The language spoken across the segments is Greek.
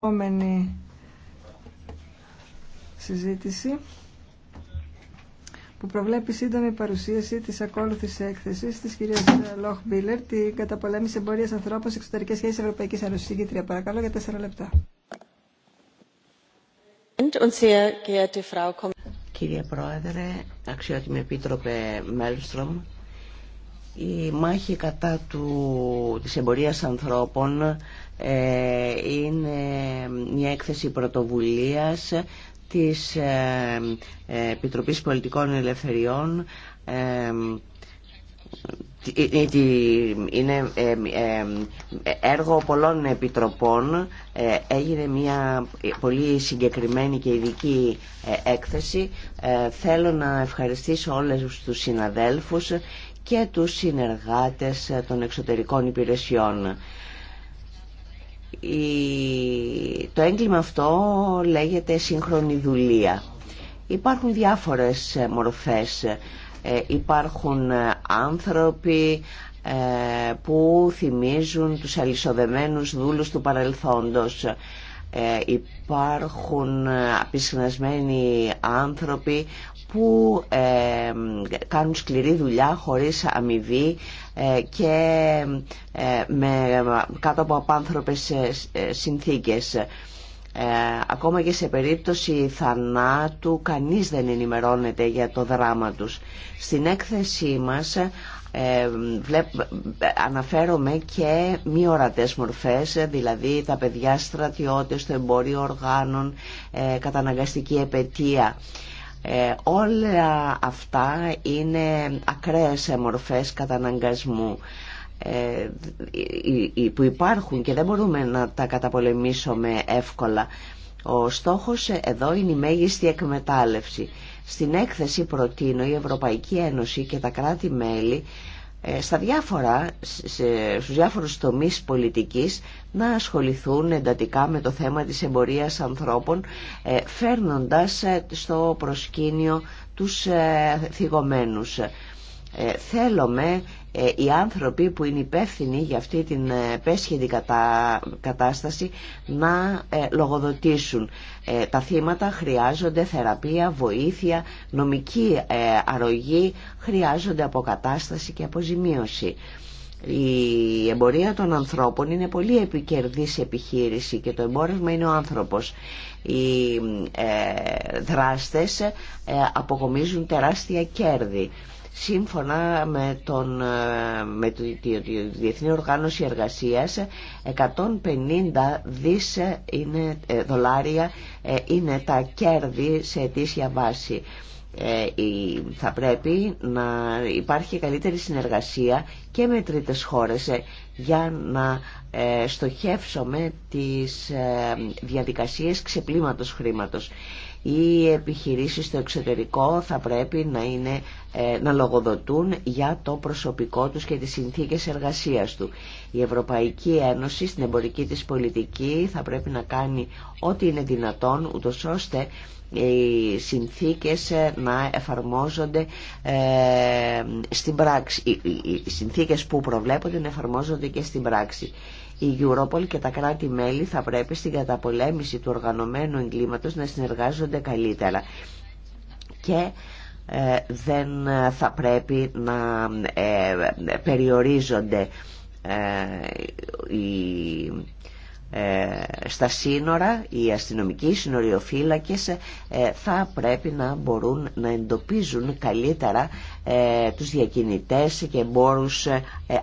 επόμενη συζήτηση που προβλέπει σύντομη παρουσίαση τη ακόλουθης έκθεσης της κυρίας Λόχ Μπίλερ την καταπολέμηση εμπορία ανθρώπων σε εξωτερικές σχέσεις Ευρωπαϊκής Συγγήτρια, παρακαλώ για τέσσερα λεπτά. Κύριε Πρόεδρε, αξιότιμη Επίτροπε Μέλστρομ, η μάχη κατά του, της εμπορίας ανθρώπων ε, είναι μια έκθεση πρωτοβουλίας της ε, ε, Επιτροπής Πολιτικών Ελευθεριών είναι έργο πολλών επιτροπών έγινε μια πολύ συγκεκριμένη και ειδική έκθεση θέλω να ευχαριστήσω όλες τους συναδέλφους και τους συνεργάτες των εξωτερικών υπηρεσιών το έγκλημα αυτό λέγεται σύγχρονη δουλεία. Υπάρχουν διάφορες ε, μορφές. Ε, υπάρχουν ε, άνθρωποι που θυμίζουν τους αλυσοδεμένους δούλους του παρελθόντος. Ε, υπάρχουν ε, απεισυνασμένοι άνθρωποι που ε, κάνουν σκληρή δουλειά χωρίς αμοιβή ε, και με, κάτω από απάνθρωπες συνθήκες. Ακόμα και σε περίπτωση θανάτου κανείς δεν ενημερώνεται για το δράμα τους. Στην έκθεσή μας ε, αναφέρομαι και μη ορατές μορφές, δηλαδή τα παιδιά στρατιώτες, το εμπόριο οργάνων, ε, καταναγκαστική επαιτία. Ε, όλα αυτά είναι ακραίες μορφές καταναγκασμού ε, που υπάρχουν και δεν μπορούμε να τα καταπολεμήσουμε εύκολα. Ο στόχος εδώ είναι η μέγιστη εκμετάλλευση. Στην έκθεση προτείνω η Ευρωπαϊκή Ένωση και τα κράτη-μέλη ε, στα διάφορα, στους διάφορους τομείς πολιτικής να ασχοληθούν εντατικά με το θέμα της εμπορίας ανθρώπων ε, φέρνοντας ε, στο προσκήνιο τους θυγωμένους. Θέλουμε ε, οι άνθρωποι που είναι υπεύθυνοι για αυτή την ε, πέσχεδη κατάσταση να ε, λογοδοτήσουν. Τα θύματα χρειάζονται θεραπεία, βοήθεια, νομική αρρωγή, χρειάζονται αποκατάσταση και αποζημίωση. Η εμπορία των ανθρώπων είναι πολύ επικερδής επιχείρηση και το εμπόρευμα είναι ο άνθρωπος. Οι δράστες αποκομίζουν τεράστια κέρδη. Σύμφωνα με, τον, ε, τη Διεθνή Οργάνωση Εργασίας, 150 δις ε, είναι, ε, δολάρια είναι τα κέρδη σε αιτήσια βάση. θα πρέπει να υπάρχει καλύτερη συνεργασία και με τρίτες χώρες για να στοχεύσουμε τις διαδικασίες ξεπλήματος χρήματος. Οι επιχειρήσεις στο εξωτερικό θα πρέπει να, είναι, ε, να λογοδοτούν για το προσωπικό τους και τις συνθήκες εργασίας του. Η Ευρωπαϊκή Ένωση στην εμπορική της πολιτική θα πρέπει να κάνει ό,τι είναι δυνατόν ούτως ώστε οι συνθήκες ε, να εφαρμόζονται ε, στην πράξη. Οι συνθήκες που προβλέπονται να εφαρμόζονται και στην πράξη. Η Europol και τα κράτη-μέλη θα πρέπει στην καταπολέμηση του οργανωμένου εγκλήματος να συνεργάζονται καλύτερα. Και ε, δεν θα πρέπει να ε, περιορίζονται ε, στα σύνορα, οι αστυνομικοί, οι συνοριοφύλακες θα πρέπει να μπορούν να εντοπίζουν καλύτερα τους διακινητές και εμπόρους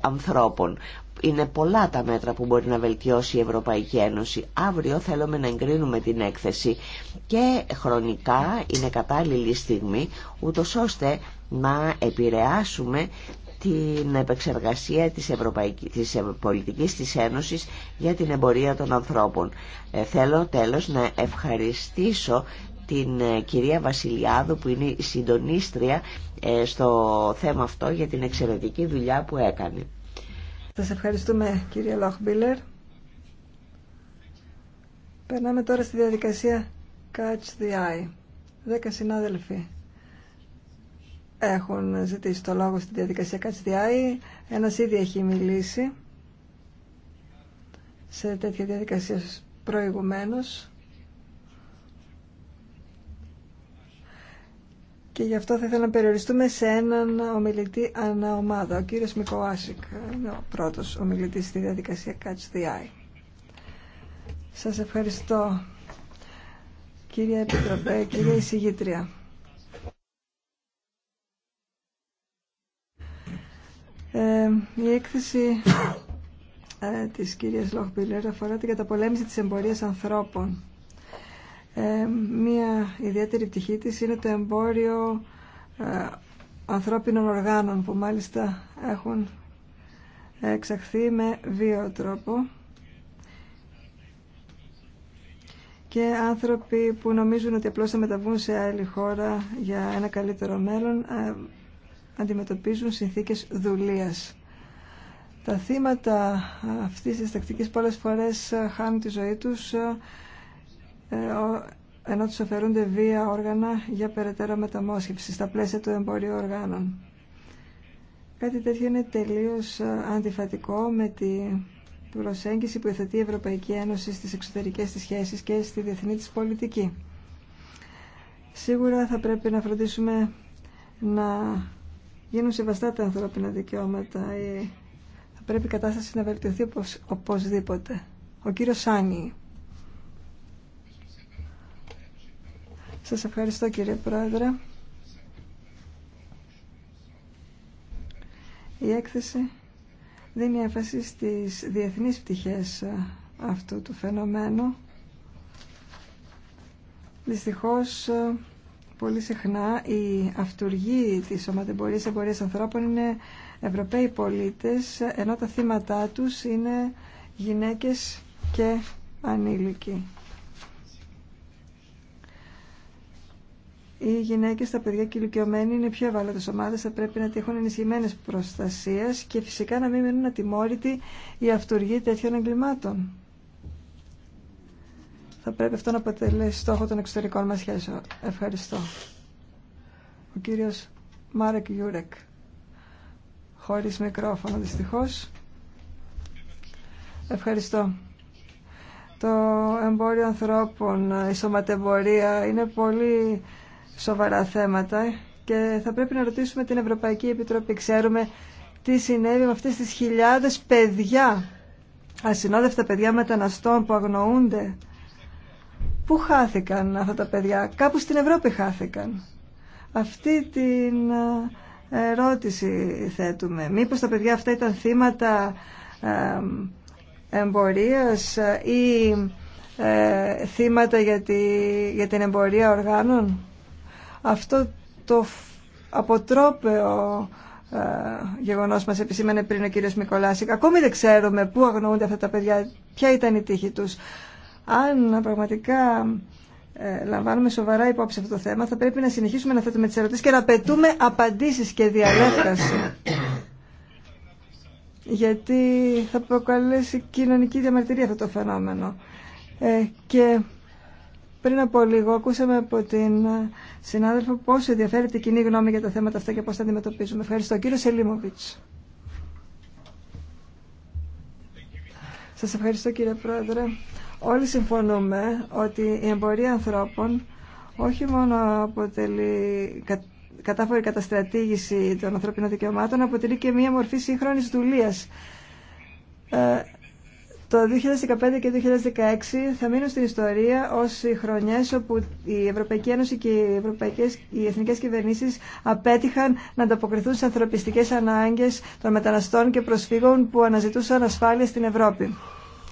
ανθρώπων είναι πολλά τα μέτρα που μπορεί να βελτιώσει η Ευρωπαϊκή Ένωση. Αύριο θέλουμε να εγκρίνουμε την έκθεση και χρονικά είναι κατάλληλη στιγμή, ούτω ώστε να επηρεάσουμε την επεξεργασία της, Ευρωπαϊκής, της πολιτικής της Ένωσης για την εμπορία των ανθρώπων. Ε, θέλω τέλος να ευχαριστήσω την ε, κυρία Βασιλιάδου που είναι συντονίστρια ε, στο θέμα αυτό για την εξαιρετική δουλειά που έκανε. Σας ευχαριστούμε κύριε Λόχμπιλερ. Περνάμε τώρα στη διαδικασία Catch the Eye. Δέκα συνάδελφοι έχουν ζητήσει το λόγο στη διαδικασία Catch the Eye. Ένας ήδη έχει μιλήσει σε τέτοια διαδικασία προηγουμένως. Και γι' αυτό θα ήθελα να περιοριστούμε σε έναν ομιλητή ανά ομάδα. Ο κύριος Μικοάσικ είναι ο πρώτος ομιλητής στη διαδικασία Catch the Eye. Σας ευχαριστώ κύριε Επιτροπέ, κύριε Εισηγήτρια. Ε, η έκθεση ε, της κυρίας Λοχμπιλέρ αφορά την καταπολέμηση της εμπορίας ανθρώπων. Ε, μία ιδιαίτερη πτυχή της είναι το εμπόριο ε, ανθρώπινων οργάνων που μάλιστα έχουν εξαχθεί με βίο τρόπο και άνθρωποι που νομίζουν ότι απλώς θα μεταβούν σε άλλη χώρα για ένα καλύτερο μέλλον ε, αντιμετωπίζουν συνθήκες δουλείας. Τα θύματα αυτής της τακτικής πολλές φορές χάνουν τη ζωή τους ε, ενώ τους αφαιρούνται βία όργανα για περαιτέρω μεταμόσχευση στα πλαίσια του εμπορίου οργάνων. Κάτι τέτοιο είναι τελείως ε, αντιφατικό με τη προσέγγιση που υιοθετεί η Ευρωπαϊκή Ένωση στις εξωτερικές της σχέσεις και στη διεθνή της πολιτική. Σίγουρα θα πρέπει να φροντίσουμε να γίνουν σεβαστά τα ανθρώπινα δικαιώματα. Ε, θα πρέπει η κατάσταση να βελτιωθεί οπωσδήποτε. Ο κύριος Σάνι. Σας ευχαριστώ κύριε Πρόεδρε. Η έκθεση δίνει έμφαση στις διεθνείς πτυχές ε, αυτού του φαινομένου. Δυστυχώς, ε, πολύ συχνά η αυτούργοι της σωματεμπορίας εμπορίας ανθρώπων είναι Ευρωπαίοι πολίτες, ενώ τα θύματά τους είναι γυναίκες και ανήλικοι. οι γυναίκες, τα παιδιά και οι ηλικιωμένοι είναι πιο ευάλωτες ομάδες, θα πρέπει να έχουν ενισχυμένε προστασίες και φυσικά να μην μείνουν ατιμόρυτοι οι αυτούργοι τέτοιων εγκλημάτων. Θα πρέπει αυτό να αποτελέσει στόχο των εξωτερικών μας σχέσεων. Ευχαριστώ. Ο κύριος Μάρεκ Γιούρεκ, χωρίς μικρόφωνο δυστυχώ. Ευχαριστώ. Το εμπόριο ανθρώπων, η σωματεμπορία είναι πολύ σοβαρά θέματα και θα πρέπει να ρωτήσουμε την Ευρωπαϊκή Επιτροπή. Ξέρουμε τι συνέβη με αυτές τις χιλιάδες παιδιά, ασυνόδευτα παιδιά μεταναστών που αγνοούνται. Πού χάθηκαν αυτά τα παιδιά, κάπου στην Ευρώπη χάθηκαν. Αυτή την ε, ερώτηση θέτουμε. Μήπως τα παιδιά αυτά ήταν θύματα ε, εμπορίας ή ε, θύματα για την εμπορία οργάνων. Αυτό το αποτρόπαιο ε, γεγονός μας επισήμανε πριν ο κύριος Μικολάσικ. Ακόμη δεν ξέρουμε πού αγνοούνται αυτά τα παιδιά, ποια ήταν η τύχη τους. Αν πραγματικά ε, λαμβάνουμε σοβαρά υπόψη αυτό το θέμα, θα πρέπει να συνεχίσουμε να θέτουμε τις ερωτήσεις και να πετούμε απαντήσεις και διαλέφταση. Γιατί θα προκαλέσει κοινωνική διαμαρτυρία αυτό το φαινόμενο. Ε, και πριν από λίγο ακούσαμε από την συνάδελφο πόσο ενδιαφέρεται η κοινή γνώμη για τα θέματα αυτά και πώς τα αντιμετωπίζουμε. Ευχαριστώ. Κύριο Σελίμωβιτς. Σας ευχαριστώ κύριε Πρόεδρε. Όλοι συμφωνούμε ότι η εμπορία ανθρώπων όχι μόνο αποτελεί κατάφορη καταστρατήγηση των ανθρωπίνων δικαιωμάτων, αποτελεί και μία μορφή σύγχρονης δουλείας ε, το 2015 και 2016 θα μείνουν στην ιστορία ως οι χρονιές όπου η Ευρωπαϊκή Ένωση και οι, ευρωπαϊκές, οι εθνικές κυβερνήσεις απέτυχαν να ανταποκριθούν στις ανθρωπιστικές ανάγκες των μεταναστών και προσφύγων που αναζητούσαν ασφάλεια στην Ευρώπη.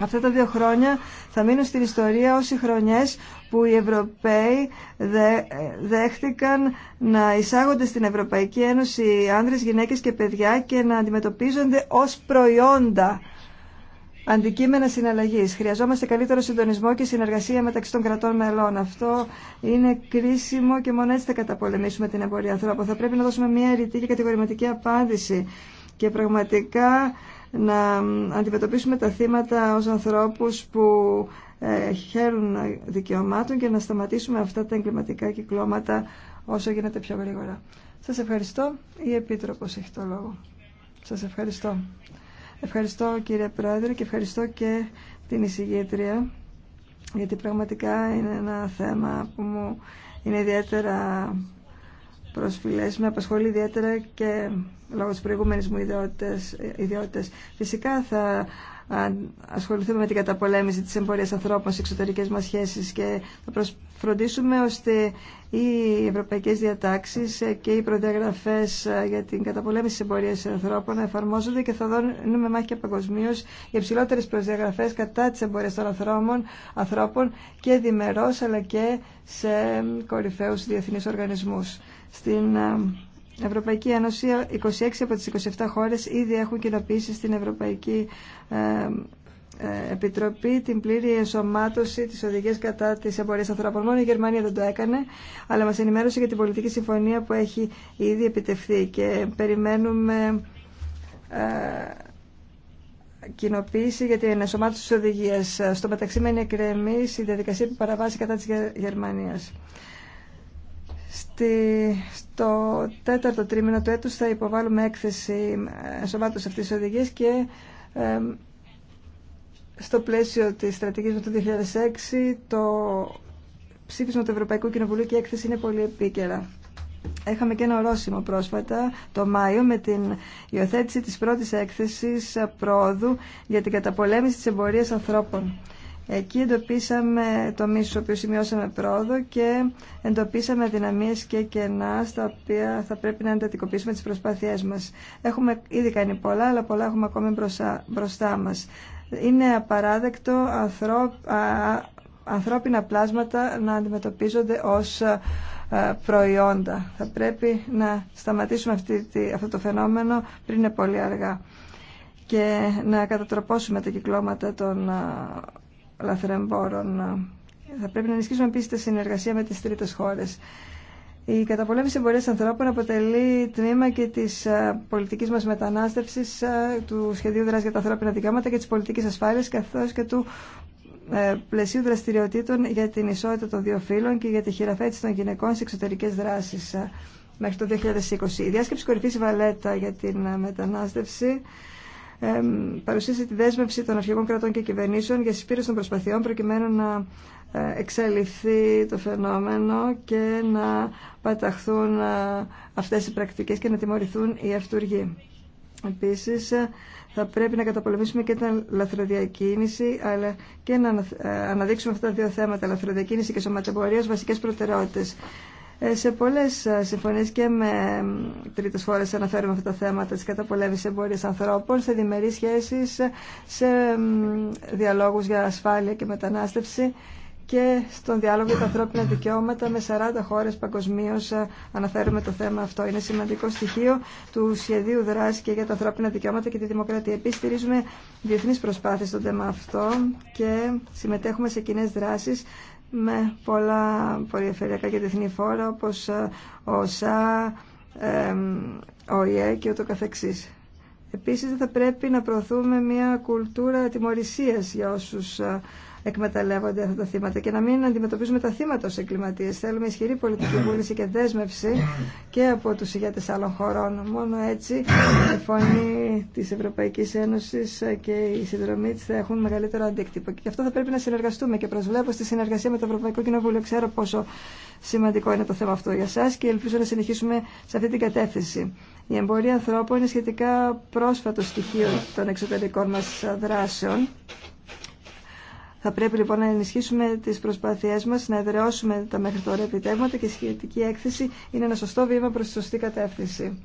Αυτά τα δύο χρόνια θα μείνουν στην ιστορία ως οι χρονιές που οι Ευρωπαίοι δέχτηκαν να εισάγονται στην Ευρωπαϊκή Ένωση άνδρες, γυναίκες και παιδιά και να αντιμετωπίζονται ως προϊόντα αντικείμενα συναλλαγή. Χρειαζόμαστε καλύτερο συντονισμό και συνεργασία μεταξύ των κρατών μελών. Αυτό είναι κρίσιμο και μόνο έτσι θα καταπολεμήσουμε την εμπορία ανθρώπων. Θα πρέπει να δώσουμε μια ρητή και κατηγορηματική απάντηση και πραγματικά να αντιμετωπίσουμε τα θύματα ως ανθρώπους που ε, χαίρουν δικαιωμάτων και να σταματήσουμε αυτά τα εγκληματικά κυκλώματα όσο γίνεται πιο γρήγορα. Σας ευχαριστώ. Η Επίτροπος έχει το λόγο. Σας ευχαριστώ. Ευχαριστώ κύριε Πρόεδρε και ευχαριστώ και την εισηγήτρια γιατί πραγματικά είναι ένα θέμα που μου είναι ιδιαίτερα προσφυλές. Με απασχολεί ιδιαίτερα και λόγω της προηγούμενης μου ιδιότητας. Φυσικά θα ασχοληθούμε με την καταπολέμηση της εμπορίας ανθρώπων σε εξωτερικές μας σχέσεις και θα προσφροντίσουμε ώστε οι ευρωπαϊκές διατάξεις και οι προδιαγραφές για την καταπολέμηση της εμπορίας ανθρώπων να εφαρμόζονται και θα δώνουμε μάχη παγκοσμίω για υψηλότερες προδιαγραφές κατά της εμπορίας των ανθρώπων, και διμερώς αλλά και σε κορυφαίους διεθνείς οργανισμούς. Στην ε, Ευρωπαϊκή Ένωση, 26 από τις 27 χώρες ήδη έχουν κοινοποιήσει στην Ευρωπαϊκή ε, ε, Επιτροπή την πλήρη ενσωμάτωση της οδηγίας κατά της εμπορία ανθρώπων. Μόνο η Γερμανία δεν το έκανε, αλλά μας ενημέρωσε για την πολιτική συμφωνία που έχει ήδη επιτευχθεί και περιμένουμε ε, κοινοποίηση για την ενσωμάτωση τη οδηγία. Στο μεταξύ μένει εκκρεμή η διαδικασία που παραβάσει κατά τη Γερμανία. Στη, στο τέταρτο τρίμηνο του έτους θα υποβάλουμε έκθεση ενσωμάτωση αυτής της οδηγίας και στο πλαίσιο της στρατηγικής του 2006 το ψήφισμα του Ευρωπαϊκού Κοινοβουλίου και η έκθεση είναι πολύ επίκαιρα. Έχαμε και ένα ορόσημο πρόσφατα το Μάιο με την υιοθέτηση της πρώτης έκθεσης πρόοδου για την καταπολέμηση της εμπορίας ανθρώπων. Εκεί εντοπίσαμε το μίσο που σημειώσαμε πρόοδο και εντοπίσαμε δυναμίες και κενά στα οποία θα πρέπει να εντατικοποιήσουμε τις προσπάθειές μας. Έχουμε ήδη κάνει πολλά, αλλά πολλά έχουμε ακόμη μπροστά μας. Είναι απαράδεκτο ανθρώπινα πλάσματα να αντιμετωπίζονται ως προϊόντα. Θα πρέπει να σταματήσουμε αυτή, αυτό το φαινόμενο πριν είναι πολύ αργά και να κατατροπώσουμε τα κυκλώματα των λαθρεμπόρων. Θα πρέπει να ενισχύσουμε επίση τη συνεργασία με τι τρίτε χώρε. Η καταπολέμηση εμπορία ανθρώπων αποτελεί τμήμα και τη ε, πολιτική μα μετανάστευση, ε, του σχεδίου δράση για τα ανθρώπινα δικαιώματα και τη πολιτική ασφάλεια, καθώ και του ε, πλαισίου δραστηριοτήτων για την ισότητα των δύο φύλων και για τη χειραφέτηση των γυναικών σε εξωτερικέ δράσει μέχρι το 2020. Η διάσκεψη κορυφή Βαλέτα για την μετανάστευση παρουσίασε τη δέσμευση των αρχηγών κρατών και κυβερνήσεων για συσπήρωση των προσπαθειών προκειμένου να ε, εξαλειφθεί το φαινόμενο και να παταχθούν ε, αυτές οι πρακτικές και να τιμωρηθούν οι αυτούργοι. Επίσης, ε, θα πρέπει να καταπολεμήσουμε και την λαθροδιακίνηση, αλλά και να αναδείξουμε αυτά τα δύο θέματα, λαθροδιακίνηση και σωματεμπορία, βασικές προτεραιότητες. Ε, σε πολλές ε, συμφωνίες και με τρίτες φορές αναφέρουμε αυτά τα θέματα της καταπολέμησης εμπορίας ανθρώπων, σε διμερείς σχέσεις, σε διαλόγους για ασφάλεια και μετανάστευση και στον διάλογο για τα ανθρώπινα δικαιώματα με 40 χώρες παγκοσμίω ε, αναφέρουμε το θέμα αυτό. Είναι σημαντικό στοιχείο του σχεδίου δράση και για τα ανθρώπινα δικαιώματα και τη δημοκρατία. Επίσης στηρίζουμε διεθνείς προσπάθειες στον θέμα αυτό και συμμετέχουμε σε κοινέ δράσεις με πολλά περιφερειακά και διεθνή φόρα όπως ε, ο ΣΑ, ο ΙΕ και ούτω καθεξής. Επίσης θα πρέπει να προωθούμε μια κουλτούρα τιμωρησίας για όσους ε, εκμεταλλεύονται αυτά τα θύματα και να μην αντιμετωπίζουμε τα θύματα ως εγκληματίες. Θέλουμε ισχυρή πολιτική βούληση και δέσμευση και από τους ηγέτες άλλων χωρών. Μόνο έτσι η φωνή της Ευρωπαϊκής Ένωσης και η συνδρομή της θα έχουν μεγαλύτερο αντίκτυπο. Και γι' αυτό θα πρέπει να συνεργαστούμε και προσβλέπω στη συνεργασία με το Ευρωπαϊκό Κοινοβούλιο. Ξέρω πόσο σημαντικό είναι το θέμα αυτό για σας και ελπίζω να συνεχίσουμε σε αυτή την κατεύθυνση. Η εμπορία ανθρώπων είναι σχετικά πρόσφατο στοιχείο των εξωτερικών μας δράσεων θα πρέπει λοιπόν να ενισχύσουμε τις προσπάθειές μα, να εδραιώσουμε τα μέχρι τώρα επιτεύγματα και η σχετική έκθεση είναι ένα σωστό βήμα προς τη σωστή κατεύθυνση.